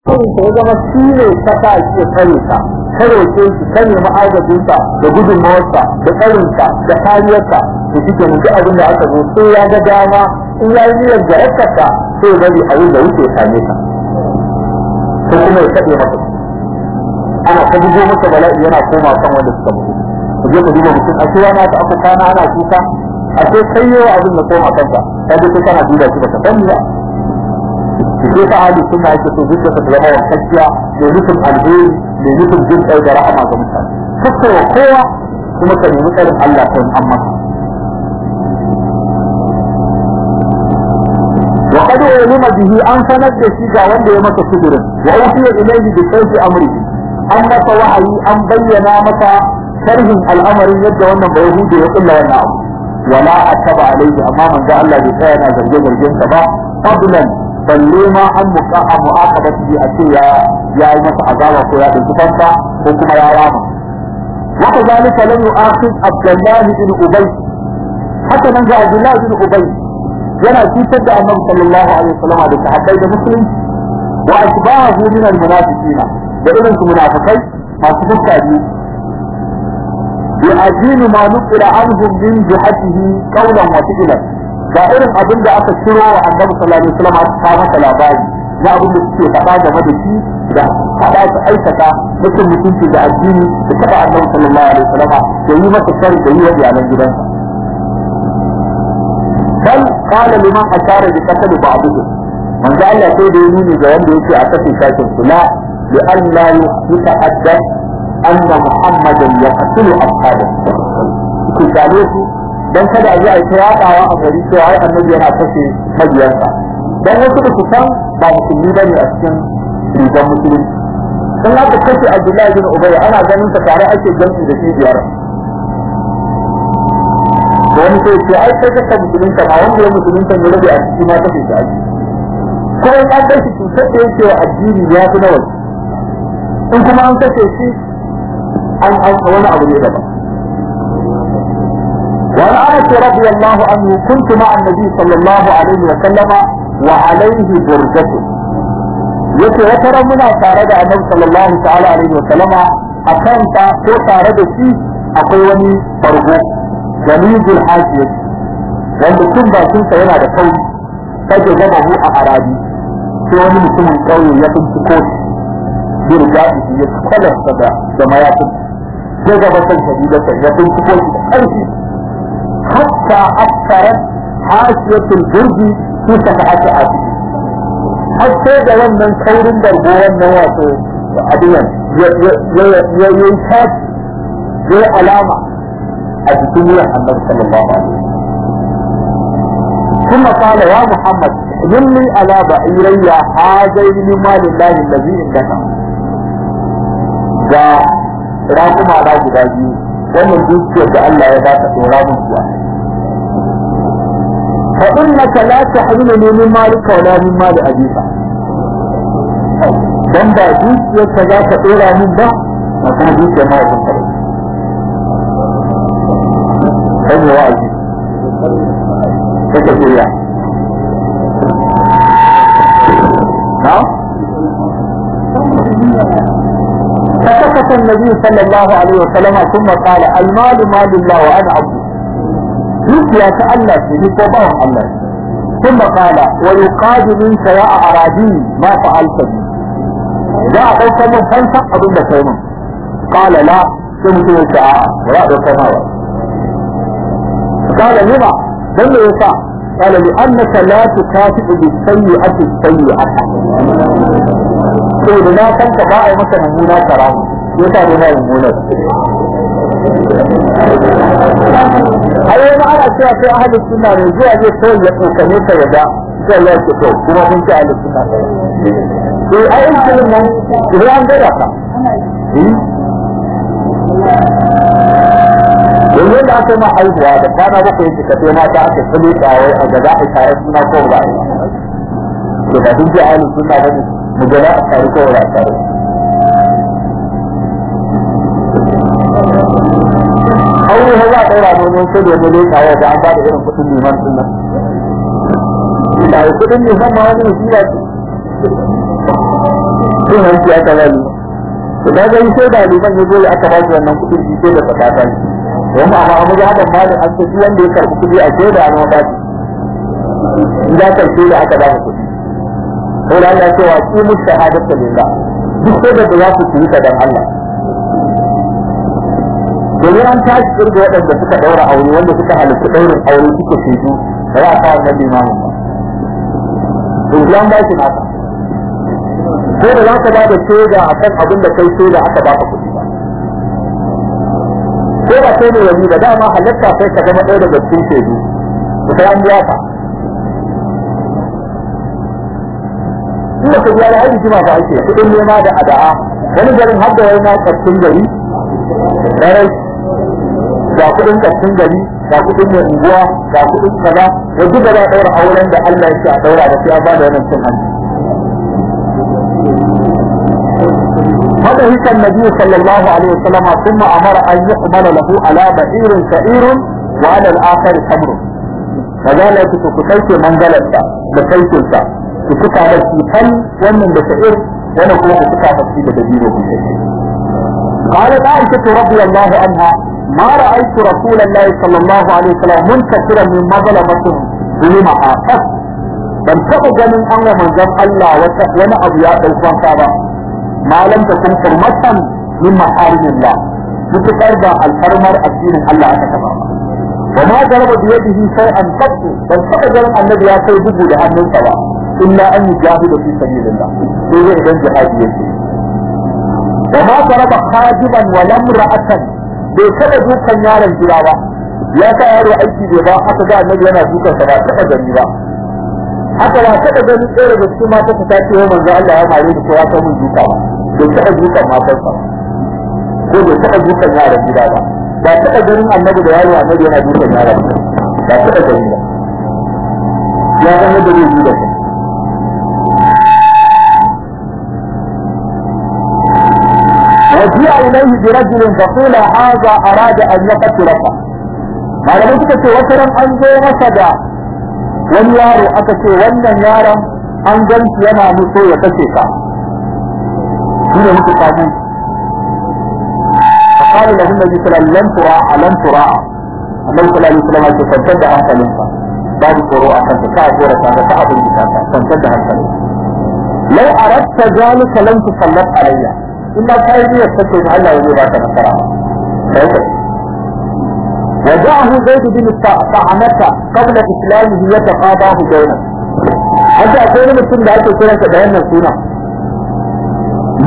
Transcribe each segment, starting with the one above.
kan ko zama shi ne ka sa shi kare ka kare ke shi kare ma'aikata da gudunmawarsa da tsarinsa da kariyarsa da shi ke mutu abin da aka zo sai ya ga dama in ya yi niyyar da yakarta sai bari abin da wuce same ka ko kuma ya kaɗe masa ana ta bugo masa bala'i yana koma kan wanda suka mutu ku je ku duba mutum a ce yana ta aka kana ana kuka a ce sai yawa abin da koma kanka kaje sai kana duba shi ba ka sani ba shi ta hali suna yake so zuciya ta zama wankakkiya mai nufin alheri mai nufin jin ɗau da rahama ga mutane kakkawa kowa kuma ka nemi tsarin Allah kan amma وقد علم به أن سند شيء وان ده مك صدر وأوحي إليه بشيء أمره أما فوحي أن بين مك شرح الأمر يد وان بيهود يقول وان ولا أتبع عليه أمام ذا الله بكان زرجة الجنة با قبلا balle ma an muka a mu'aqaba shi a ce ya ya yi masa azaba ko ya dauki fansa ko kuma ya rama wa kadhalika lam yu'aqib Abdullah ibn Ubay haka nan ga Abdullah ibn Ubay yana cutar da Annabi sallallahu alaihi wasallam da sahabbai da musulmi wa asbahu min al-munafiqina da irin su munafikai masu fuska biyu يعجل ما نقل عنهم من جهته قولا وفعلا ba irin abin da aka ciro wa annabi sallallahu alaihi wasallam aka kawo masa labari na abin da suke faɗa game da shi da faɗa su aikata mutum mutunci da addini da taɓa annabi sallallahu alaihi wasallam da yi masa sharri da yi wa iyalan gidansa bal qala liman ashara bi qatl ba'dihi manzo Allah sai da yi ga wanda yake a kafin shakin kula bi alla yutahaddath anna muhammadan yaqtulu ashabahu ku gane su dan kada a yi a ta yaɗawa a gari cewa ai annabi yana kashe mabiyansa dan wasu da su san ba musulmi bane a cikin rigar musulunci sun haka kashe abdullahi bin ubay ana ganin sa tare ake ganin da shi biyar wani sai ce ai kai kasa musulunta ba wanda ya musulunta ne rabe a cikin ma kashe shi ake kuma ya kai shi sai da yake wa addini ya fi nawa in kuma an kashe shi an an wani abu ne daban عباس رضي الله عنه كنت مع النبي صلى الله عليه وسلم وعليه برجته yake wata ran muna tare da annabi sallallahu ta'ala alaihi wa sallama a kanta ko tare da shi akwai wani bargo jamizul hajiya wanda tun bakin sa yana da kai kaje gaba hu a arabi sai wani mutumin kauye ya binciko shi birga shi ya kwalar da da mayafin sai gaba kan shadidata ya binciko shi da ƙarfi اكثر حاشية البرج في صفحات عادي هل سيدة ومن خير دربوه النواسه عديا يشهد في علامة الدنيا محمد صلى الله عليه ثم قال يا محمد احملني على بعيري هذين لمال الله الذي عندنا ذا رغم على جبالي ومن دوسك بأن لا يبات أورام الزواج فإنك لا تحملني من مالك ولا من مال أبيك دم بعديك يتجاك إلى من ده ما تنبيك ما يتنبيك هم واجه فتك إياه نعم. فسكت النبي صلى الله عليه وسلم ثم قال المال مال الله وأنا عبده دوكيا الله ثم قال ويقاد منك سواء اعراجي ما فعلت بي جاء قلت من فنسا اظن سيما قال لا ثم تنسا لا رسما قال لما لم يوفى قال لانك لا تكافئ بالسيئة السيئة سيدنا كنت باعي مثلا هنا ترى يتعلمها المنزل ai wani ana cewa sai ahli sunna ne zuwa zai so ya tsokane ka yada sai Allah ya so kuma kun ce ahli sunna eh ai in kullum nan idan an gada ka yanzu da aka ma haihuwa da kwana bakwai yake ka sai mata aka tsale kawai a gaba a kayan suna ko ba to ba duk da ahli sunna ba ne mu gaba a kayan ko ba a kayan ne sai da dai kaya da an ba da irin kudin liman din nan da kudin liman ma wani wasiya sun hanci aka ba to da ga sai da liman ne dole aka ba wannan kudin shi sai da wani amma amma da an ce wanda ya karbi kudi a sai da an shi ya karbi da aka ba shi kudi ya ce wa lillah duk sai da za ku ta dan Allah domin an tashi kirga waɗanda suka ɗaura aure wanda suka halittu ɗaurin aure suka shaidu da za a kawo annabi imamun ba islam ba shi naka ko da za ka ba da shaida a kan abin da kai shaida aka ba ka kuɗi ba ko ba kai ne wani da dama halatta kai ka zama ɗaya daga cikin shaidu da kai an biya ka ina ka biya da har jima ba ake kuɗin nema da ada'a wani garin har da wani na ƙarfin gari da rai ga kudin kafin gari ga kudin mai unguwa ga kudin kaza da duk da daura auren da Allah ya ce a daura da sai an ba da wannan cin hanci فبهت النبي صلى الله عليه وسلم ثم امر ان يحمل له على بعير شعير وعلى الاخر خمر فذلك تكتيك منزلتا بكيتلتا تكتا بسيطا ومن بشعير وانا كنت تكتا بسيطا بدينه بشعير قالت عائشة رضي الله عنها ما رأيت رسول الله صلى الله عليه وسلم منكسرا من مظلمة ظلمها قط بل تبقى ganin an wa manzon Allah wani abu ya ɗaukan ta ba malam da kun farmatan min maharimillah mutukar da alfarmar addinin Allah aka taba wa ma jaraba bi yadihi shay'an qat bal taba ganin annabi ya kai bugu da hannunsa ba illa an yujahidu fi sabilillah sai idan wa ma taraba hajiban wa lam ra'atan bai kada dukan yaron gida ba ya sa yaro aiki bai ba aka ga annabi yana dukan sa ba kada gani ba haka ba kada gani ɗaya daga cikin mata ta ce wa manzo Allah ya mare da kowa ta mun duka ba bai kada dukan matar sa ko bai kada dukan yaron gida ba ba kada ganin da yana dukan yaron ba ba ya da وجيء إليه برجل فقيل هذا أراد أن يقتلك قال من لك وترى أنزل وسدا واليار أتكي ولن يارا أنزل ينا مصر يتكيك هنا لك قادم فقال له النبي صلى الله عليه وسلم لن تراعى لن تراعى النبي صلى الله عليه وسلم فتد أنت لنفا بعد قروء أنت كعب ورسا وكعب أنت لنفا لو أردت ذلك لن تسلط عليها in ba ka yi niyyar kake da Allah ya ba ka nasara وجاءه زيد بن طعنة قبل إسلامه يتقاضاه دينا أنت أقول لكم لا تكون تبين السنة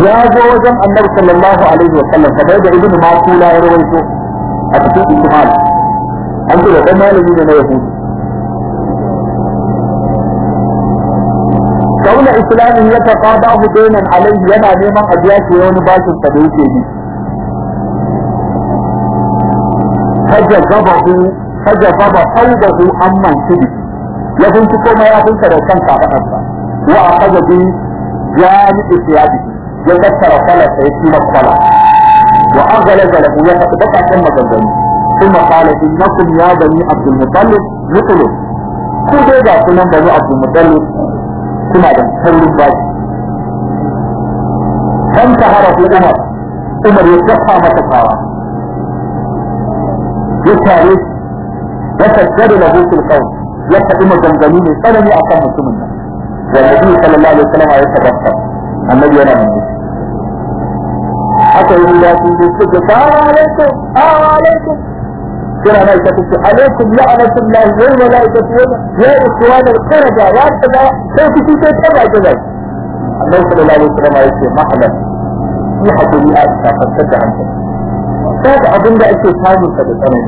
يا زوجا النبي صلى الله عليه وسلم فبعد ابن ما قولا يرويته أتكون إجمال أنت لو كان مالي من يهود فلان يتقاضاه دينا عليه ينا نيما ادياك يوني باش الصديق يدي حجة ضبطه حجة ضبط صوبه اما انتبه يكون تكون يا ابن كده كان صعب اصلا واخذ به جانب اتياده يكسر صلاة سيكون الصلاة واغل جلبه يتبقى ثم جلبه ثم قال انكم يا بني عبد المطلب نقلوا كده يا سنان بني عبد المطلب suna da saurin bashi dan tahara ko umar umar ya tafa masa kawa ya tare ya tattare da hukun kawai ya faɗi maganganu mai tsanani a kan mutumin nan wanda biyu sallallahu alaihi wasallam ya tabbata annabi yana nan haka yi ya sun ce assalamu alaikum assalamu alaikum كنا ملكة عليكم أنا الله يوم لا يتفون يا إخوان القرجة يا أبدا سوف تتبع كذا النبي صلى الله عليه وسلم عليه محمد في حدودي أكثر فتك عنك فهذا أظن ده أكثر فاهم كذا تمام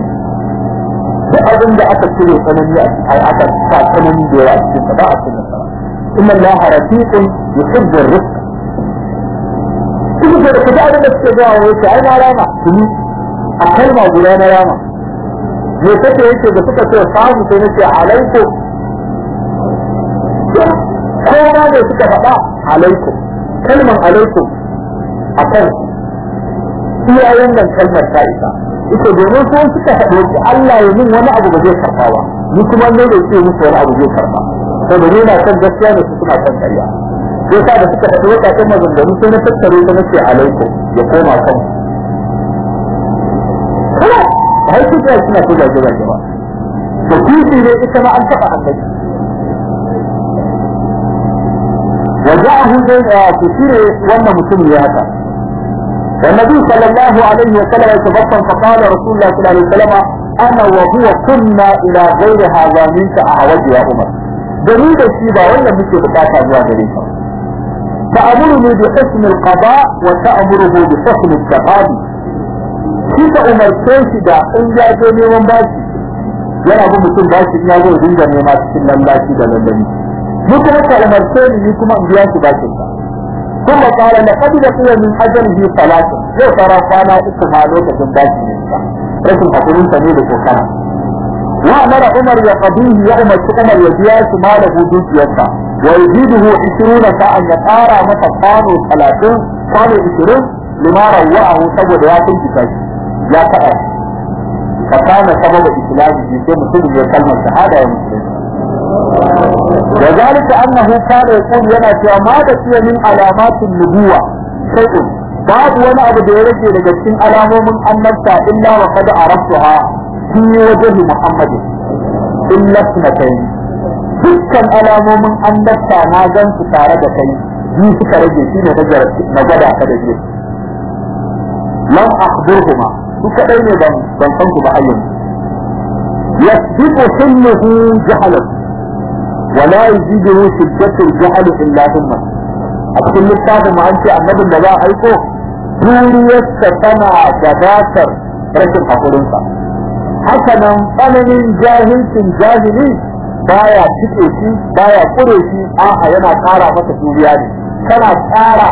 ده أظن ده أكثر كذا تمام يا أكثر أكثر فاهم تمام دي رأي كذا بعض إن الله رفيق يحب الرفق كذا كذا أنا بس كذا وش أنا لا ما كذا أكل ما بقول أنا لا ما me kake yake da suka ce samu sai nake alaiko? kowa ne suka faɗa alaiko kalmar alaiko a kan iyayen nan kalmar ta isa ita domin su suka faɗo ki Allah ya min wani abu ba zai karɓa ba ni kuma ne da ke musu wani abu zai karɓa saboda ni na kan gaskiya ne su suna kan ƙarya sai sa da suka faɗi wata kan maganganu sai na tattare ta nake alaiko ya koma kanku هاي فكرة اسمها كذا كذا كذا فكل شيء انت ما انتقى عندك وجاءه آه، كثير وانا مسلم هذا والنبي صلى الله عليه وسلم يتبطن فقال رسول الله صلى الله عليه وسلم انا وهو كنا الى غير هذا منك اعوج يا عمر جميل الشيء ولا مثل بتاعك يا جريمه تأمرني بحسن القضاء وتأمره بحسن التقاضي kika umarce shi da in ya je neman bashi yana bin mutum bashi in ya zo dinga nema cikin lallaci da lallani mu kuma ka umarce ni ni kuma in biya shi bashin ka ثم قال لقد لقي من اجله صلاه زي ترى كان اسمها لوكاشن باshi ne ka rashin hakurin sa ne da kokara wa amara umar ya qadihi ya umar umar ya biya shi malahu dukiyarsa wa yaziduhu 20 sa'an ya ƙara masa kwano 30 kwano 20 limara wa'ahu saboda ya kunta shi ya faɗa ka kana saboda islamu ji sai mutum ya kalmar shahada ya musulmi da zalika annahu kana yaqul yana cewa ma da fiye min alamatin nubuwa shay'un babu wani abu da ya rage daga cikin alamomin annabta illa wa qad arabtuha fi wajhi muhammadin illa sunatayn dukkan alamomin annabta na gan su tare da kai biyu suka rage shi ne na gwada ka da biyu lam akhbirhuma su kaɗai ne ban ban san ku ba ayyan yasbiqu hilmuhu jahalan wa la yujidu shiddatu al-jahl illa humma a cikin littafin mu an ce annabin da za a aiko juriyarsa tana gabatar rashin hakurinsa haka nan tsananin jahilcin jahili baya cike shi baya kure shi a'a yana ƙara masa juriya ne tana kara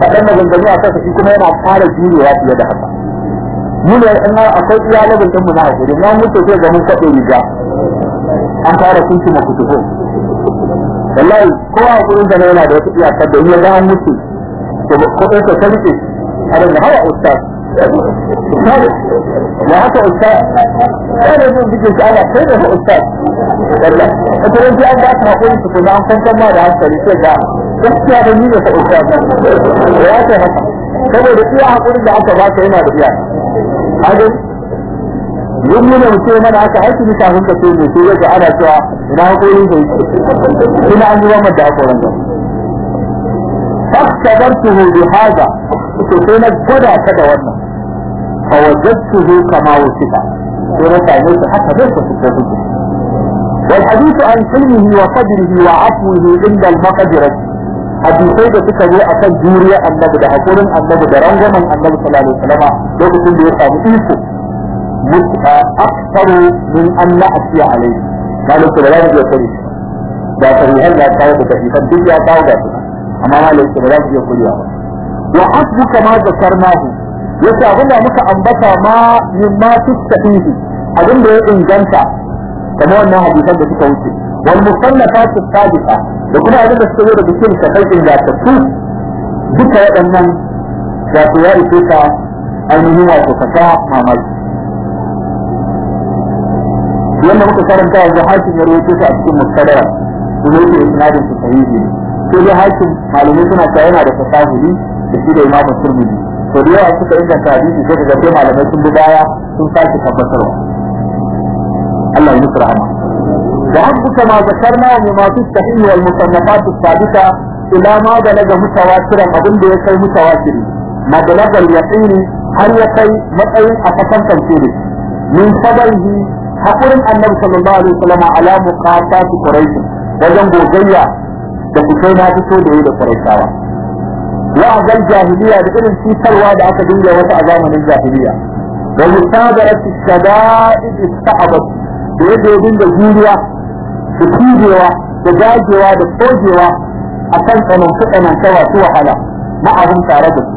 faɗan maganganu a kansa shi kuma yana ƙara jurewa fiye da haka mu ne in akwai iya labin din mu na hakuri na mutu sai ga mun kaɗe riga an fara kunci ma kutubo wallahi a hakurin da yana da wata iyaka da ya ga mutu to ko sai ka sarki a da hawa ustaz ya haka ustaz kada mun bikin shi ana sai da ustaz wallahi wata ran an ba ka hakuri su kuma an san ma da hankali sai ga gaskiya da ni da ustaz ya ta haka saboda iya hakurin da aka ba ka yana da iyaka hajji duk mu da mutum mana aka aiki ni kafin ka ce sai yaga ana cewa ina hakorin sai ina an yi wannan da hakorin ka fakkabartuhu bi hada to sai na gwada ka da wannan fa wajadtuhu kama wasifa sai na same shi haka dai ka fita su والحديث عن حلمه وقدره وعفوه عند المقدرة hadisai da suka zo akan juriya annabi da hakurin annabi da rangwamen annabi sallallahu alaihi wasallam lokacin da ya samu iko mutta aktaru min a na'tiya alaihi malam da ya kare da sahihan ya kawo da sahihan duk ya kawo da su amma malam da ya iya kuriya ba wa asbu kama zakarnahu yace abinda muka ambata ma min ma tustahihi abinda ya inganta kamar wannan hadisan da suka wuce wal musannafatu sadiqa da kuma abin da suka zo da bikin ka kai ingantattu duka waɗannan da su ya ishe ka ainihin wato ka sa mamaki yadda muka karanta yanzu Hakin ya rubuce ta a cikin mustadara su ne ke isnadin su sahihi sai dai Hakin malamai suna ta yana da tasahuri da shi da imamu turmidi sau da yawa suka inganta hadisi sai ka ga malamai sun bi baya sun sake tabbatarwa Allah ya musu rahama وحب كما ذكرنا مما تستحيل والمصنفات الثابتة إلى ما بلغ متواترا أظن بيكي متواتر ما بلغ اليقين هل يكي مطعين أفصل تنكيري من فضله حقر النبي صلى الله عليه وسلم على مقاطعة قريش وجنب جيا da kusa na fito da yi da farausawa wa'azan jahiliya da irin cutarwa da aka dinga wasu a zamanin jahiliya da musadarar shada'id ista'abat da yadda ya dinga juriya da cijewa da dagewa da kogewa a kan tsananci tsananta wasu wahala Na abin tare da su,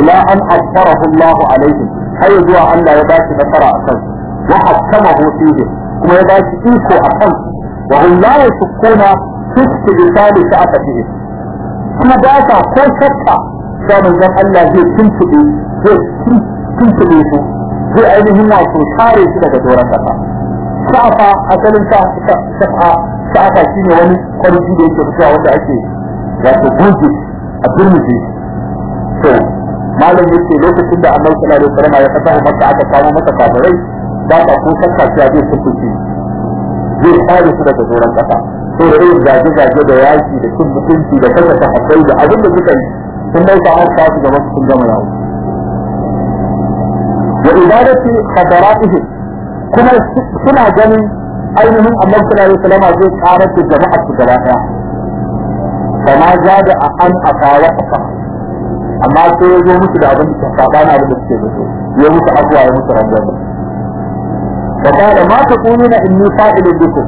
ila an asharahu Allah alaihim har zuwa Allah ya ba shi nasara a kan wa hakamahu ne, kuma ya ba shi iko a kan wa hum la yashkuna fi a sha'atihi kuma ba sa ko shakka da manzon Allah zai tuntube zai tuntube su zai ainihin wato kare su daga doron kasa sa'afa asalin sa'a sa'afa ne wani kwarji da yake fitowa wanda ake wato gunki a turmiji to malam ce lokacin da annabi sallallahu alaihi wasallam ya fata makka aka kawo masa kafirai ba ta ko sakka shi a zai fukuci zai kare su daga zoran kasa to da irin zage zage da yaki da cin mutunci da kasa ta hakai da abin da suka yi sun dauka an sa su gaban sun gama yawo wa ibadati khadaratihi kuma suna ganin ainihin Allah sallallahu alaihi wasallam zai karar da jama'a su gaba daya kama za da an akawa aka amma sai ya zo musu da abin da sabana abin da suke da ya musu abuwa ya musu rangwame da kada ma ta kuni na inni fa'ilin biku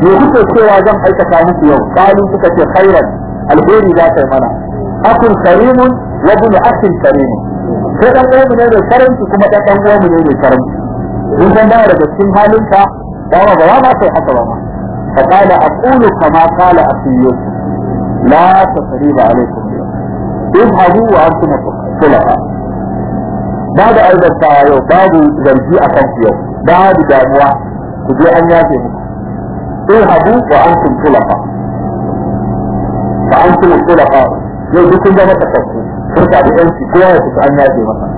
ya kuke cewa zan aikata muku yau kalu suka ce khairan alheri za ta yi mana akun karimun wa bin akin karimun sai dan mu ne mai karanci kuma dan uwa ne mai karanci in san dawa daga cikin halinsa dawa ba ma sai haka ba fa qala aqulu kama qala asiyyu la tasriba a kan وانتم خلفاء بعد ايضا تعالوا باب an اكم يوم in دعوة كجي ان ياتي اذهبوا وانتم خلفاء فانتم الخلفاء yau duk kun zama takasku furta da yanci kowa ya fita an yaje masa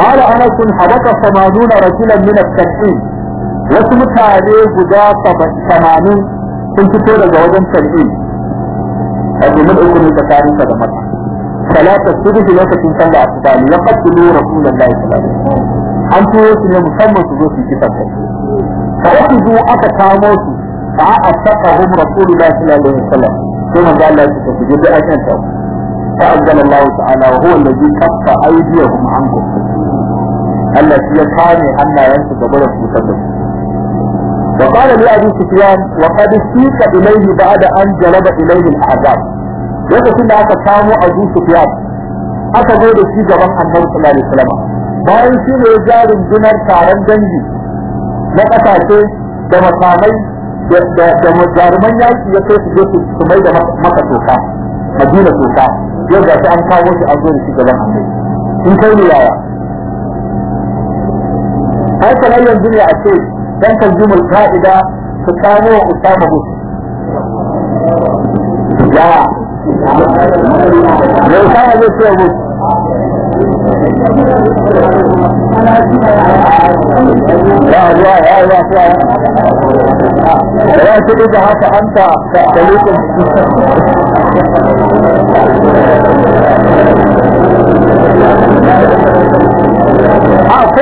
قال أنس حدث ثمانون رجلا من التكفير wasu mutane guda tamanin sun fito daga wajen tarbi a domin ukuni tsakanin da mata salata su rufe lokacin sanda a tsakani ya fakkilo rasulun lahi salatu an turo su ne musamman su zo su ci sabta fa uku zo aka kamo su fa a saka hum rasulun lahi salatu alaihi wasallam sai manzo Allah ya ce ku da wa Allah shi ya kame hannayensu gaba da cutar da su وقال لي أبي سفيان وقد سيق إليه بعد أن جلب إليه الأعذاب lokacin da aka samu Abu Sufyan aka zo da shi gaban Annabi sallallahu alaihi wasallam bayan shi ne jarin dinar taron dangi na kasashe da makamai da jaruman yaki ya kai su su su mai da maka toka Madina toka yau ga shi an kawo shi an zo da shi gaban kai yaya ai kamar yanzu ne a ce dan tanzimul ka'ida su kamo Usama Bus ya ne Usama zai ce Bus ya ya ya ya ya ce da haka an ta dalilin a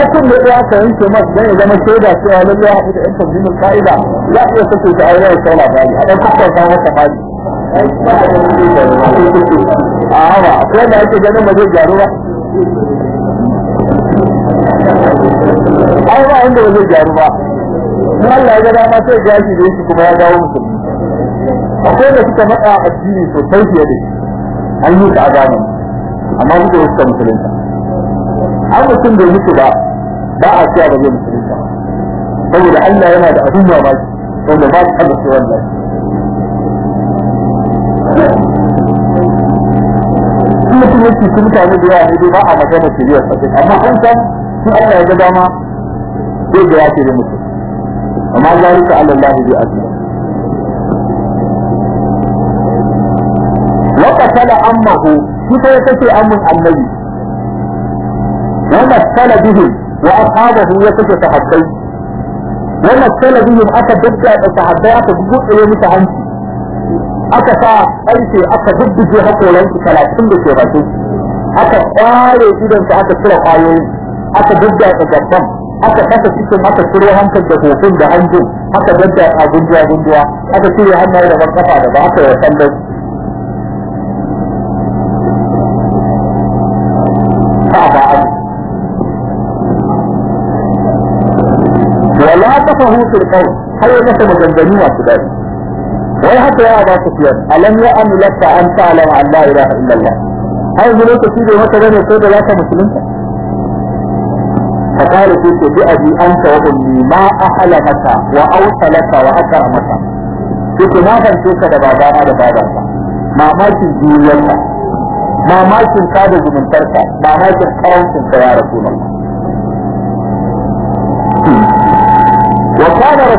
ko da ya sayin ke mas dan ya zama shaida cewa lallai haɗu da yankan jinin ka'ida ya iya sake da aure ya sauna bani a ɗan kuka kawo masa bani a hawa ko da ake ganin ba zai gyaru ai ba inda ba zai gyaru ba in Allah ya ga dama sai gashi da shi kuma ya dawo musu akwai da suka matsa addini sosai fiye da an yi ta azami amma su da suka musulunta an mutum da mutu ba ba a cewa ba zai musulunta saboda Allah yana da abin mamaki wanda ba su tabbata wannan aiki su mutane da yawa ne ba a magana su biyar sakin amma an san shi Allah ya ga dama zai ga ya ce da mutum amma zalika Allah bi azza وقتل أمه كيف يتكي أم النبي ومثل بهم وأصحابه يتكي تحدي ومثل بهم أتى بكى تحدي أتى بكى إليه تحدي aka sa ƙarfe aka dubbuje hakoransu talatin da ke bakin aka ƙware idansa aka cire ƙwayoyi aka daddatsa gaban aka kasa cikin aka ciro hankal da hofin da hanjin aka a gunduwa gunduwa aka cire hannaye da ban kafa da ba aka yi sallai ولا تفهوا في القول هل maganganu masu وسبابي wai haka ya ba ku fiyar alam ya amilatta an ta'lamu an la ilaha illallah har zuwa ta shi da da ne sai da zaka musulunta fakali ku ku bi abi an tawabu ni ma ahlamaka wa awsalaka wa akramaka kuke na ban ce da baba da baba mamakin juriyarka mamakin ka da zumuntarka mamakin kawancin ka ya rasu na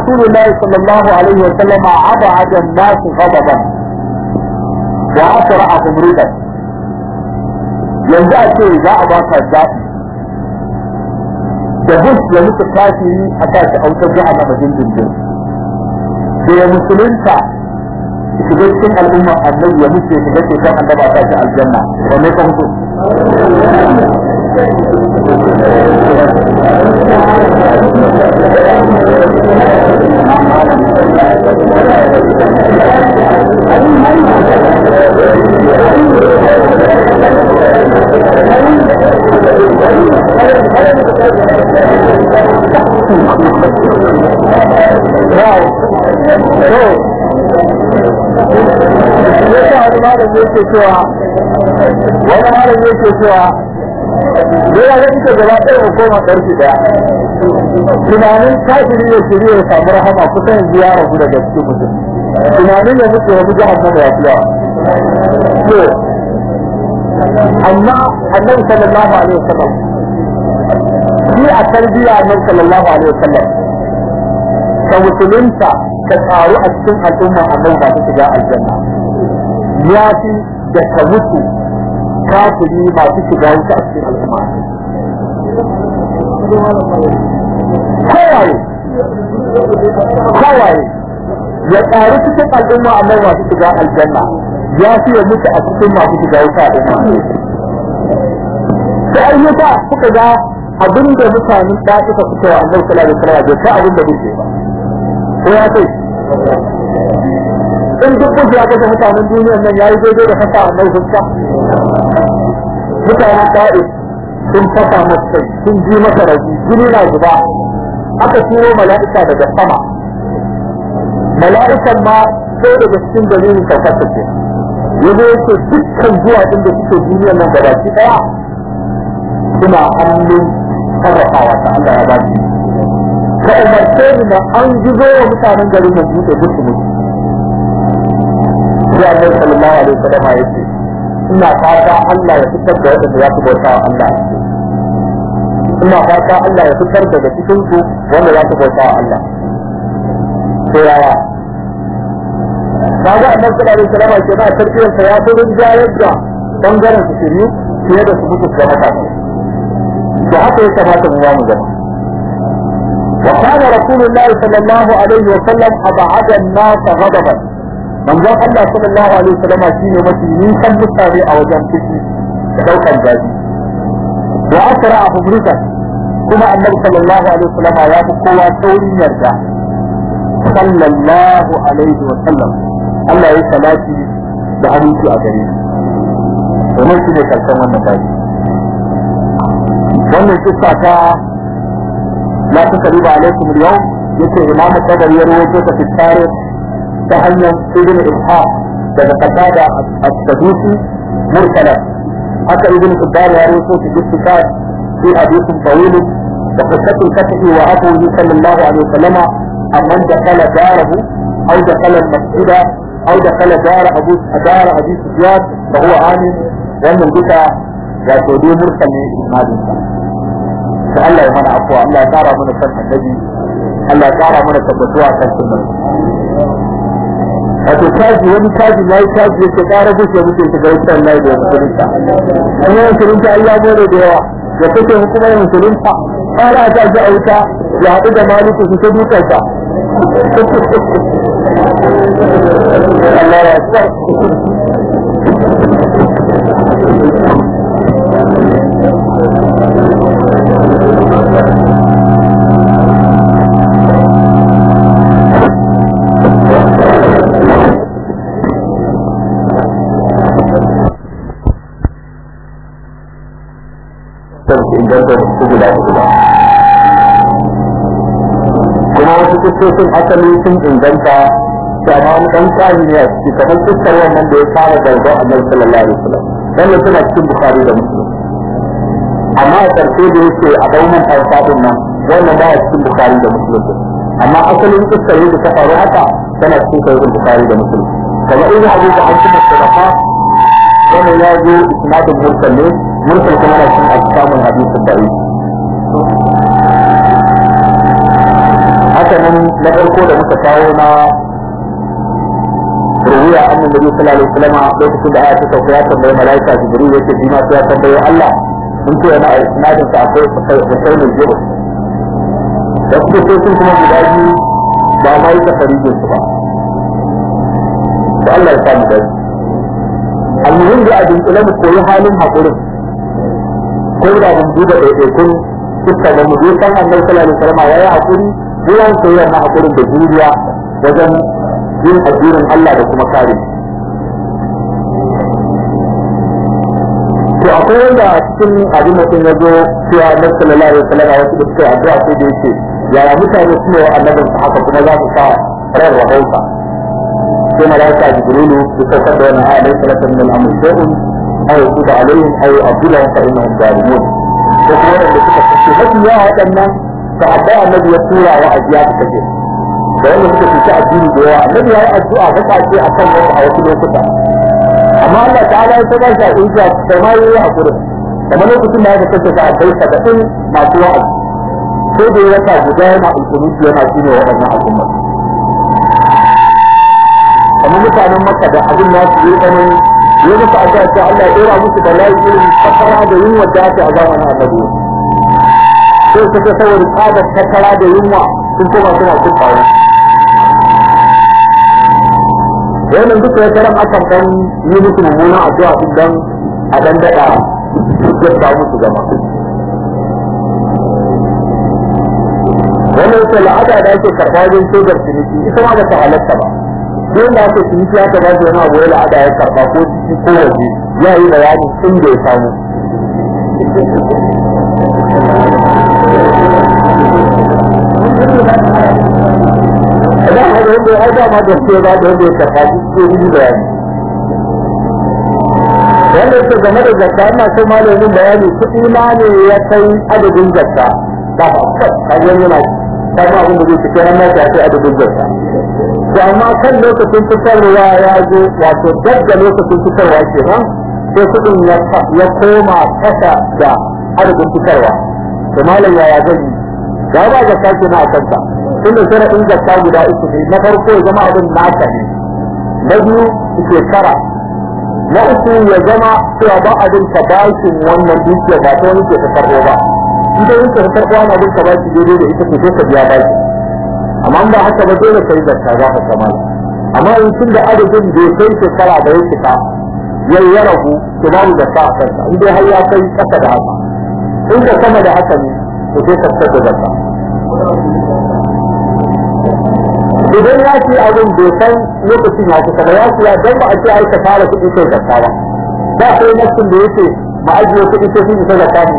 رسول الله صلى الله عليه وسلم أبعد الناس غضبا وأسرعهم ردا yanzu a ce za a ba ka zaɓi da bus ya mutu kafiri a sa shi autar jiha na bajin da ya musulunta shiga cikin al'ummar annabi ya mutu ya shiga cikin annaba a sa aljanna wanne yake cewa wani malam yake cewa da ya zai ta gaba ɗaya ko koma ƙarfi ɗaya tunanin kafiri ya shirya ya samu rahama kusan yanzu ya rabu da gaske mutum tunanin ya mutu ya mutu hannun ya fi yawa amma annabi sallallahu alaihi wasallam shi a tarbiyya annabi sallallahu alaihi wasallam ka musulunta ka taru a cikin al'umma annabi ba ta shiga aljanna ya fi da ka mutu kafiri masu shiga wuta a cikin al'umma kowaye kowaye ya ƙaru cikin al'umma amma masu shiga aljanna ya fi ya mutu a cikin masu shiga wuta al'umma da ayyuka suka ga abin da mutanen ɗaɗuka suka a annabi sallallahu da wasallam da ta abin da ba ko ya kai in duk kun ya kaga mutanen duniyar nan yayi daidai da fasa wannan hujja mutanen ta'i sun fasa masa sun ji masa raji jini na zuba aka turo mala'ika daga sama mala'ikan ma sai daga cikin dalilin saukar Ya yanzu yake dukkan zuwa din da suke duniyar nan gaba, ki daya suna hannun sarrafawa ta Allah ya ba ka umarce ni na an gizo wa mutanen garin nan buɗe duk mutu sai annabi sallallahu alaihi wasallam ya ce ina fata Allah ya fitar da wanda ya fi bauta wa Allah ina fata Allah ya fitar daga cikin su wanda ya fi bauta wa Allah to yaya kaga annabi sallallahu alaihi wasallam ke na tarbiyyar sa ya fi da bangaren su shiri fiye da su mutu ga matasa da haka ya kamata mu ya mu gani وكان رسول الله صلى الله عليه وسلم أبعد الناس غضبا manzon Allah sallallahu alaihi wasallam shine mafi nisan mutane a wajen fushi da daukan zafi wa asra humrika kuma annabi sallallahu alaihi wasallam ya fi kowa saurin yarda sallallahu alaihi wasallam Allah ya salati da aminci a gare shi wannan shine karshen wannan bayani wannan kissa ta la tasriba alaikum al-yawm yace imamu tabari ya rawaito ta fi tarikh كأنه ابن إسحاق daga kasada السدوسي مرسلا حتى ابن حبان يعني يقول في الاستفاد في حديث طويل وقصة الفتح وأبوه صلى الله عليه وسلم أمن دخل داره أو دخل المسجد أو دخل دار أبو دار أبي سفيان فهو آمن ومن لا وتودي مرسل هذه فالله يمنع أقوى ألا يدار من الفتح الذي ألا يدار من التبتوع كالسنة wato kaji wani kaji na yi kaji yake ƙara duk ya mutu shiga wutar Allah da musulunta an yi musulunta Allah more da yawa ya kace hukumar musulunta ƙara ta ji a wuta ya haɗu da maliku su ta dukansa Allah ya sa kusursun asali sun inganta da ma wani ɗan kwari ne a ciki kamar fuskar wannan da ya fara zargon annabi sallallahu alaihi wasallam wannan suna cikin bukari da muslim amma a ƙarshe da yake a ɗaunin alfaɗin nan wannan ba a cikin bukari da muslim amma asalin fuskar yadda ta faru haka tana cikin sahihul bukari da muslim kamar in ya da an kuma sadaqa wannan ya zo isnadul mursal ne mursal kuma na cikin akamun hadisin da'i hakanan na farko da muka kawo na ruwiya an nabi sallallahu alaihi wasallam lokacin da aya ta sauka ya tambaye malaika jibril yake jima ma ya tambaye Allah in ce yana isnadin ta akwai sai ne jibo da kuma sai sun kuma guda biyu ba ma yi tafari da su ba da Allah ya samu dai almuhim da abin kula mu koyi halin hakurin ko da mun duba ɗaiɗaikun dukkan da mu je kan annabi sallallahu alaihi wasallam ya yi hakuri yawan soyayyar na hakurin da juriya wajen yin addinin Allah da kuma kare to akwai wanda a cikin abin da sun yazo cewa Annabi sallallahu alaihi wasallam wasu da suka addu'a sai da yake yaya mutane su ne wa annabin su haka kuma za su sa ran rahauta sai malaika jibrilu ya saukar da wannan aya da sallallahu alaihi wasallam shay'un aw yusuda alaihim aw yu'adhibuhum fa innahum zalimun ko kuma wanda suka kashe mafi yawa waɗannan sahabbai annabi ya tura wa ajiya ta kaje da wanda suka a jini da yawa annabi ya yi addu'a ga kace akan wasu a wasu lokuta amma Allah ta'ala ya saba shi a inda da ma yi a gurin kamar lokacin da ya kasance da ta saba'in masu wa'azi sai da ya sa guda yana alkunuki yana shi ne waɗannan al'umma kamar mutanen maka da abin ya su yi ganin ya musu addu'a Allah ya ɗora musu bala'i irin fasara da yunwa da ake a zamanin annabi sai su ta saboda tsadar tattara da yunwa sun koma suna cin ƙwari wannan duka ya karam akan dan yi musu mummunan addu'a duk dan a dan daɗa yadda musu zama wannan yake la'ada da ake karɓa wajen shaidar ciniki ita ma ba ta halatta ba duk da ake ciniki aka ba shi wani abu ya la'ada ya karɓa ko ciki ko waje ya yi bayanin inda ya samu akwai ai dama da ce ba da wanda ya tafa ko yi bayani wanda yake game da zakka ina so malamin bayani kuɗi ma ne ya kai adadin zakka ba ka ga yana ta ba abin da zai fita yana ta kai adadin zakka to amma kan lokacin fitarwa ya zo wato dadda lokacin fitarwa kenan sai kuɗin ya koma kasa da adadin fitarwa to malam yaya zai yi ga ba zakka na a kanta shi ne sharaɗin zakka guda uku ne na farko ya zama abin naka ne na biyu kara na uku ya zama cewa ba abin ka bashin wannan dukiya ba ta wani ke ta karɓo ba idan yake ta karɓo ana abin ka bashi daidai da ita ce ka biya bashi amma ba haka ba dole kai zakka za ka kama amma in tun da adadin bai kai shekara da ya cika yau ya ragu bani da sa a kansa in dai har ya kai kasa da haka in ka sama da haka ne to sai ka fita da zakka idan ya ce abin bai san lokacin ya ce kada ya ce ya dan ba a ce ai ka fara kuɗi sai zakka ba ba sai nasin da yake ma ajiye kuɗi sai shi isa zakka ne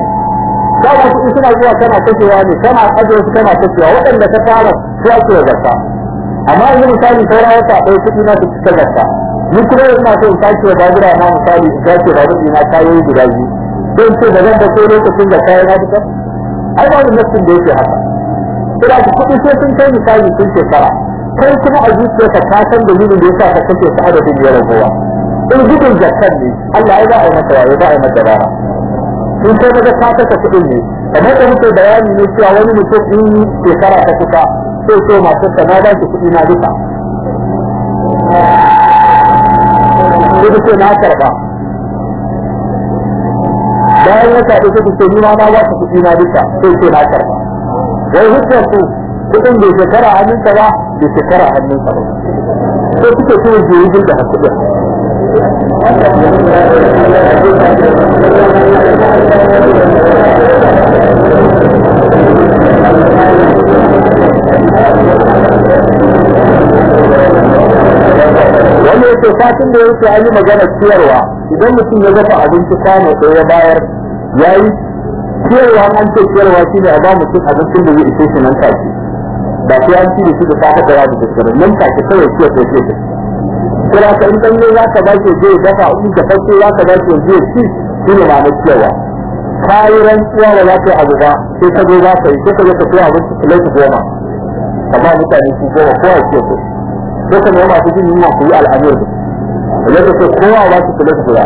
ba ba kuɗi suna zuwa kana kashewa ne kana ajiye su kana kashewa waɗanda ta fara su ake da zakka amma yanzu misali sauran wata akwai kuɗi na su da zakka ni kuma ina so in tashi da babura na misali in tashi babur ina kayoyi guda biyu sai ce da zan da sai lokacin da kayan na fita ai ba ni nasin da yake haka kira ku kuɗi sai sun kai misali sun shekara kai kuma a zuciyarka ka san dalilin da yasa ka kace su adadin ya ragowa in gudun zakkan ne Allah ya za a yi masa wayo a yi masa bara in kai maza ka kasa kuɗin ne kamar da muke bayani ne cewa wani mutum in shekara ta kusa sai so masu sana ba shi kuɗi na duka sai ce na karba bayan wata da suka ce ni ma ba su kuɗi na duka sai ce na karba wai hujjar su kuɗin bai shekara aminta ba da shekara hannun sa ba ko suke so je yi da hakuri wani yake fatin da yake an yi magana ciyarwa idan mutum ya dafa abinci kwano ɗaya ya bayar ya yi ciyarwa an ce ciyarwa shi ne a ba mutum abincin da zai ishe shi nan take ba sai an ci da shi da safa da rabu da sirrin nan ta ke kawai ce ce ce kira ka in dan za ka ba ke je dafa in ka fake za ka ba ke zai ci shi ne ma'anar ciyawa. kayi rantsuwa da za ka yi abu ba sai ka zo za ka yi sai ka zo ka tsaya abin kilomita goma amma mutane su goma kowa ke so sai ka nema su jin yunwa ku yi al'amir da ya ce kowa ba su kilomita guda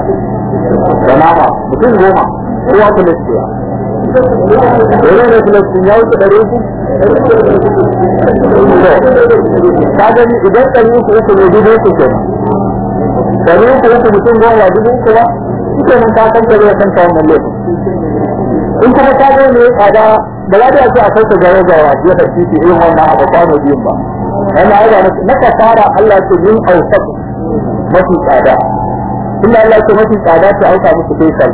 da nama mutum goma kowa kilomita guda. Wani da kilomita ya wuce ɗari uku ka gani idan ɗari uku uku ne dubu uku ke ɗari uku uku mutum dubu uku ba suke nan ta ta ta in kuma ka ne a da da za ta ce a kai gare titi irin wannan abu biyun ba na fara Allah ce min mafi tsada Allah ce mafi tsada ta auka musu kai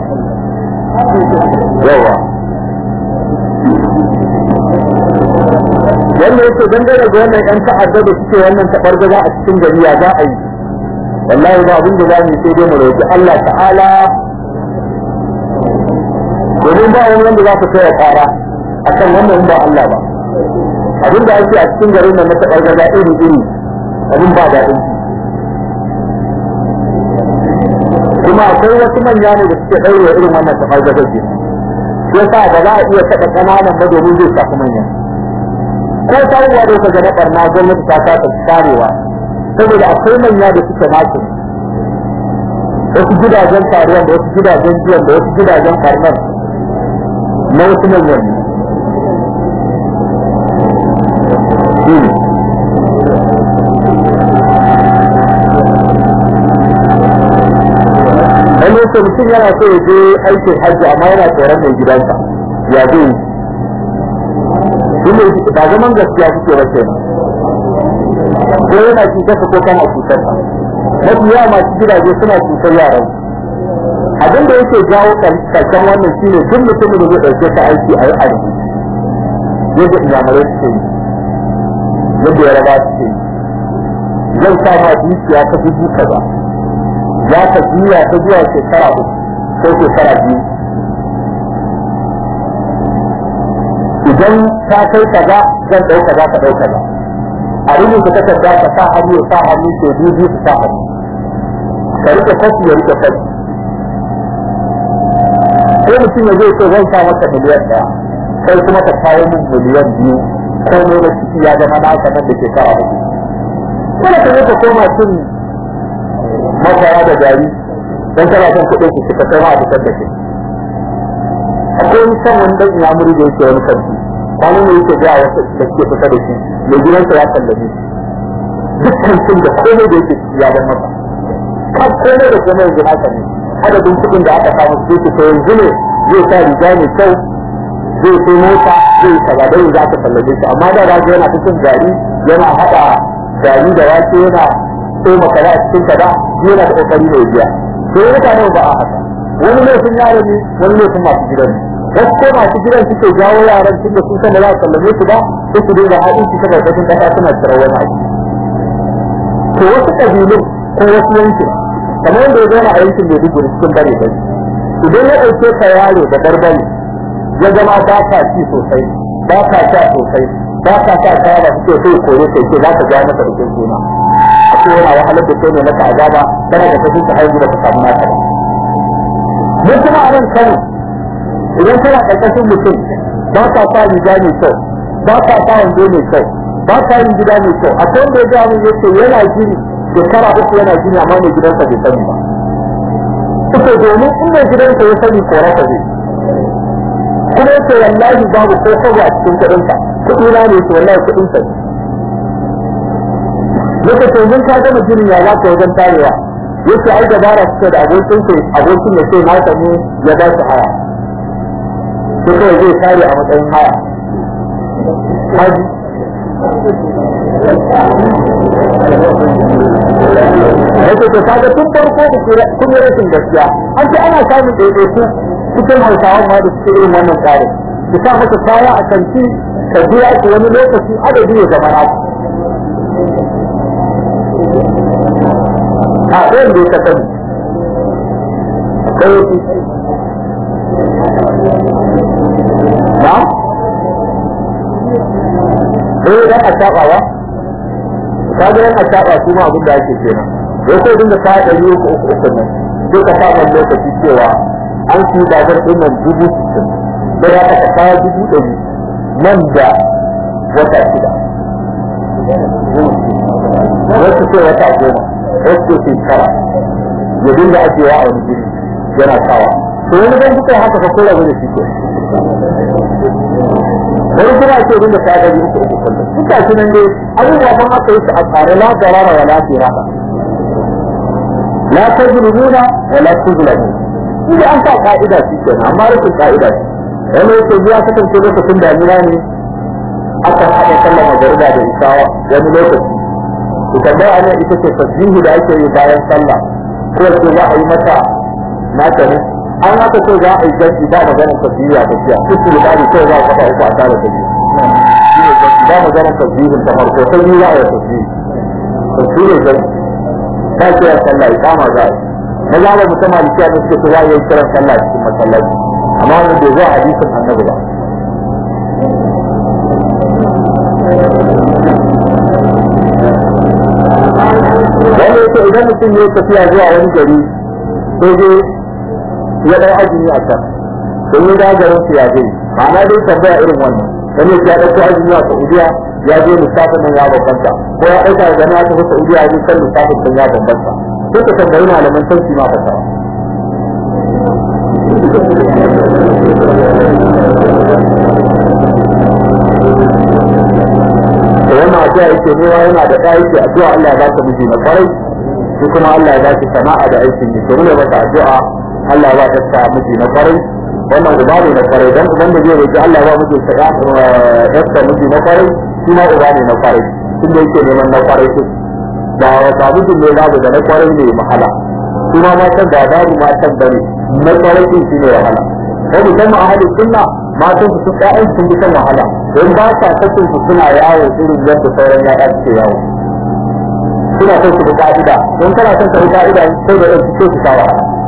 yawa wanda yake dangane da wannan yan ta'adda da suke wannan tabargaza a cikin jami'a za a yi wallahi ba abin da za mu sai dai mu roƙi Allah ta'ala domin ba wani wanda za ka kai ƙara fara akan wannan ba Allah ba abin da ake a cikin garin nan na tabargaza iri iri abin ba daɗin kuma akwai wasu manya ne da suke ɗaure irin wannan tabargaza ke sai sa ba za a iya taɓa ƙananan ba domin zai shafi manya ko tarewa da kaga na barna gwamnati ta kasa tarewa saboda akwai manya da suke maki wasu gidajen taruwan da wasu gidajen jiyan da wasu gidajen karnar na wasu manyan wani mutum yana so ya je aikin hajji amma yana tsoron mai gidansa ya zai inda ba zaman gaskiya kuke ba kenan ko yana cutar ko kama cutar mafi yawa masu gidaje suna cutar yaran abin da yake jawo karshen wannan shine duk mutumin da zai ɗauke ta aiki a yi arziki yadda inyamurai suke yi yadda raba suke yi zan sa ma dukiya ta dubu kaza za ka juya ta zuwa shekara uku ko shekara biyu idan ka kai kaza zan ɗau kaza ka ɗau kaza a rini ka takarda ka sa hannu ka sa hannu ke biyu ka sa hannu ka rike kashi ya rike kashi sai mutum ya zai ce zan sa maka miliyan ɗaya kai kuma ka kawo min miliyan biyu ko ne na ciki ya zama na aka nan da ke kawo hudu kada ka zai ka koma cin masara da gari don kana son kuɗin su cika kai ma a fitar da shi akwai san wani ɗan ina muri da yake wani kanti wani ne yake gaya wasu da ke kusa da shi mai gidansa ya tallafi dukkan sun da komai da yake ya bar masa kan komai da komai yanzu haka ne adadin kuɗin da aka samu su yake yanzu ne zai sa riga mai kyau zai sai mota zai kaza don yanzu aka tallabe shi amma da rago yana cikin gari yana haɗa gari da wake yana sai makara a cikin kaza yana da ƙoƙari mai biya sai mutane ba a haka wani laifin yaro ne wani laifin masu gidan ne gaske masu gidan suke jawo yaran su da su san da za a sallame su ba su su dinga haɗin su saboda ƙarƙashin ƙasa suna cire wani abu to wasu ƙabilun ko wasu yankin kamar yadda ya zauna a yankin mai dubu cikin bare su, idan ya ɗauke ka yaro da barbari ya zama ba ka ci sosai ba ka sha sosai ba ka sa kaya ba suke sai kore sai ke za ka ja masa da suna a ce yana wahalar da kai ne maka azaba kana da kasu ta haihu da ka samu naka Mun kuma a nan Kano idan kana karkashin mutum ba ka sa riga mai kyau ba ka sa wando mai kyau ba ka yin gida mai kyau a kan da ya gaya min yace yana gini shekara uku yana gini amma mai gidansa bai sani ba suka domin in mai gidansa ya sani ka zai kuma yace wallahi babu ko kawo a cikin kuɗinsa su na ne su wallahi kuɗinsa ne yake to mun ka gama ya za ka wajen tarewa yake ai bara suke da abokin abokin ya ce na ne ya ba su haya sai kawai zai kare a matsayin haya haji Wato to kaga tun farko kun yi rashin gaskiya an ce ana samun ɗaiɗaiku cikin hausawan ma da suke irin wannan tsarin ki sa masa kaya a kanti ka biya ki wani lokaci adadi ya zama naki a ɗayan da ya ka ba eh dan asaba ba kaga dan asaba kuma abin da ake kenan ko dinga ka da yi ko ko nan duk ka fara lokaci cewa an fi bazar din dubu sittin da ya ka fara dubu ɗari nan da wata shida wasu ce wata goma wasu ce shekara ya dinga ajiyewa a wani gini yana kawa to wani dan duka haka ka kora wani shi ke wani kuma ce da ta ga yi uku kullum duka shi nan dai abubuwa ban aka yi su a tsare la darara wa la firara la tajrubuna wa la tuzlamu shi an sa ka'ida ke kenan amma rashin ka'ida shi wani yake biya kasance lokacin damina ne aka haɗa sallar magariba da isawa wani lokaci ita ba ana ita ce tasbihu da ake yi bayan sallah ko ce za a yi mata nata ne an haka ce za a yi jaki ba maganar tafiya tafiya kusa da bari ce za a kafa uku a tare da biyu ba mu maganar tafiyin ta farko sai biyu za a yi tafiyi tafiyin jaki ta ce ya sallah ikama za a yi na za a mutum ne suke za a yi kiran sallah cikin masallaci amma wani bai zo a hadisin annabi ba wanda yake idan mutum ya tafiya zuwa wani gari sai dai ya dai azumi a can sun yi dagarin su ya je ma'ana dai tambaya irin wannan wani ya ɗauko azumi a saudiya ya je lissafin nan ya bambanta ko ya ɗauka ga zama ta tafi saudiya ya je kan lissafin nan ya bambanta sai ka tambayi malaman sauki ma fasara wannan addu'a yake nema yana da ɗaya yake addu'a Allah ya ba ka miji na kwarai shi kuma Allah ya ba ki sana'a da aikin ne to ne ba ta addu'a Allah ba ta miji na kwarai wannan uba ne na kwarai dan uban da zai roki Allah ba miji ta eh, yasta miji na kwarai shi ma uba ne na kwarai tun da yake neman na kwarai su da ya mijin ne na da na kwarai ne mahala shi ma matan da babu matan bane na kwarai shi ne wahala dan musamman a halin sunna matan su su ƴaƴan sun bi kan wahala dan ba ta kasin su suna yawo irin yadda sauran ya ake yawo suna son su bi ka'ida don kana son su ka'ida sai da ɗan su ce su sa wahala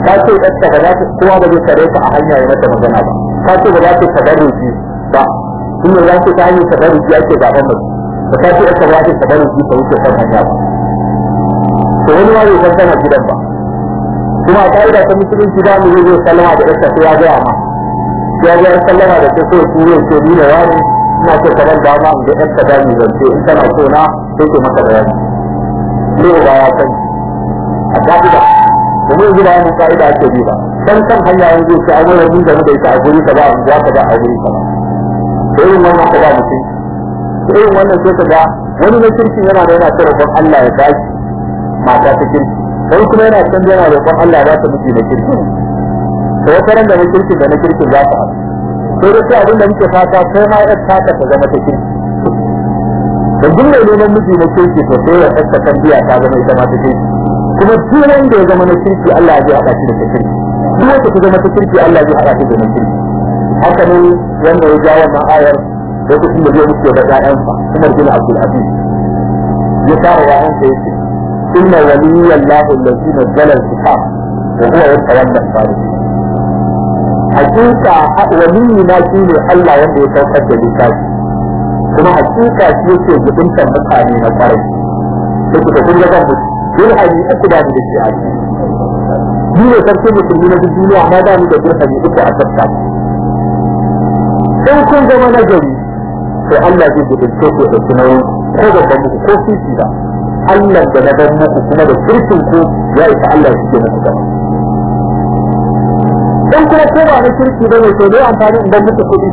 ka ce ɗanka ba za ta kowa ba zai tare ta a hanya ya mata magana ba ka ce ba za ta tabarruki ba in za ta ta hanyar tabarruki ake zaɓen mace ba ka ce ɗanka ba za ta tabarruki ka wuce kan hanya ba to wani ma bai san tana gidan ba kuma a ka'ida ta musulunci ba mu zai zai sallama da ɗanka sai ya gaya ma ya ga sallama da ta so su zai ce ni da wani ina ce kamar da ma in ga ɗanka da mu zance in kana so na sai ke maka bayani. Lewa ba ya san a ka'ida ba mun yanzu ba mu ka'ida ake bi ba dan kan hanya an yanzu sai a wurin mun da mu da ita a guri ka ba mu za ka ba a guri ka ba sai yin wannan ka ba mutum sai yin wannan sai ka ga wani na kirkin yana da yana ta roƙon Allah ya bashi mata ta kirki wani kuma yana can yana da roƙon Allah ya ba ta miji na kirki sai wata ran na kirkin da na kirkin za ta haɗu sai da sai abin da muke fata sai ma ya ta ta zama ta kirki da duk mai neman miji na kirki to sai ya tsaka biya ta zama ita ma ta kirki kuma tunan da ya zama na kirki Allah ya haɗa shi da kirki duk wanda ta zama ta kirki Allah ya haɗa shi da kirki haka ne wanda ya ja wannan ayar da ku lokacin da zai mutu da ƴaƴansa Umar bin Abdul Aziz ya fara an sai shi inna waliyya Allah allazi nazzala al-kitab wa huwa yatawalla al-salihin hakika waliyyi na shi ne Allah wanda ya saukar da littafi kuma hakika shi yake gudunta mutane na kwarai duk da kun ga dirhami uku ba da jihadi ni ne sarkin musulmi na duk duniya amma ba ni da dirhami uku a sarka in kun zama nagari to Allah zai gudunce ku da sunayen ko da ban muku ko sisi ba Allah da na ban muku kuma da kirkin ku ya isa Allah shi ke muku gaba dan kuma ko ba na kirki ba ne to ne amfani in ban muku kuɗi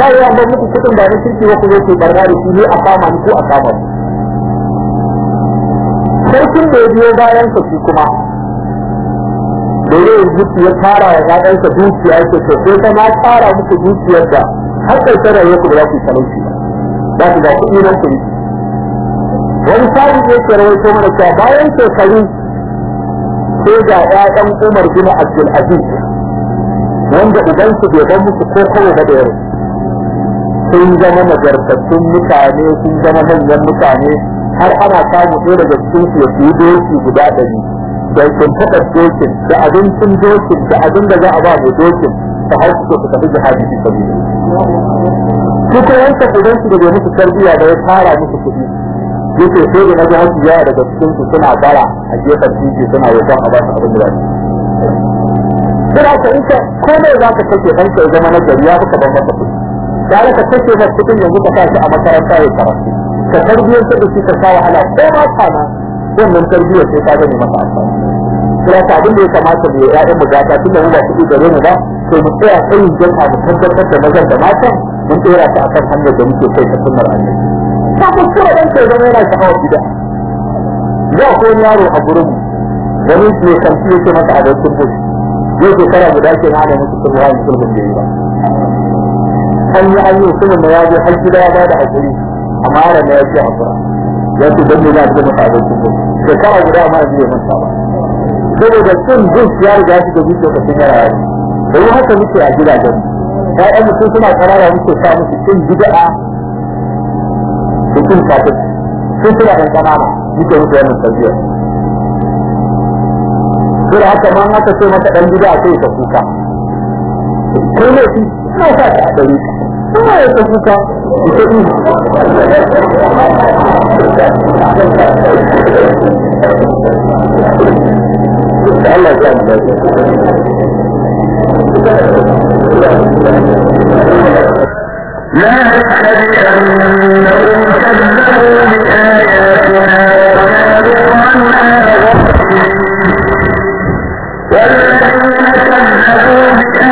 kai ya ban muku kuɗin ba na kirki ba ku zai ke barna shi ne a kama ni a kama ni sarkin da ya biyo bayan sa shi kuma da ya zuci ya tara wa bayan sa dukiya yake to sai ta na tara muku dukiyar da har karshen rayuwar ku da za ku talauci ba ku ga kuɗi nan ku wani sabi da yake rawaito mana cewa bayan shekaru sai ga ƴaƴan Umar bin Abdul wanda idan su bai ban musu ko kawai ba da yaro sun zama nagartattun mutane sun zama manyan mutane har ana samu ɗaya daga cikin su ya fi doki guda ɗari da kuntakar dokin da abincin dokin da abin da za a ba mu dokin ta har su su tafi jihadi su sabi su ko yanka kudan su da bai musu tarbiyya da ya tara musu kuɗi yake sai da na ga wasu yawa daga cikin su suna bara a gefen titi suna wajen a ba su abin da Kira ka ita ne za ka kake ɗanka ya zama na gari ya fi ka ban masa kuɗi. da ka kake masa kuɗin yanzu ka sa shi a makaranta ya karatu. ka tarbiyyar ta da shi ka sa wahala ko ma kana wannan tarbiyyar sai ta gani masa amfani kira ta abin da ya kamata mu ya'yan mu gata tunda mu ba su gare mu ba sai mu tsaya tsayin jama'a mu tabbatar da mazan da mata, mun tsaya ta akan hanyar da muke kai ta sunnar Allah ka ku kira dan ta zama yana hawa gida ya ko yaro a gurin ke ne kan maka ke masa abincin bush yau kara guda ke na ne musu sulhu a musulmin da yi ba an yi an yi sulhu ya je har gida ya ba da hakuri amara ne yake ce hakura ya ce don ne za ka masa abincin ko shekara guda ma ya biya masa ba saboda sun duk ya riga su da zuciya ka sun yara yari da yi haka muke a gidajen ƴaƴan mutum suna karara muke sa musu cin bid'a da cin kafin sun suna ɗan ƙanana muke musu wannan tarbiyyar sai haka ma haka sai maka ɗan gida sai ka kuka kai ne na sa ta ɗari kuma ya ta kuka ita ɗi da Allah ya ba لا تحسب أنهم كذبوا بآياتنا وكانوا عنها غافلين والذين كذبوا بآياتنا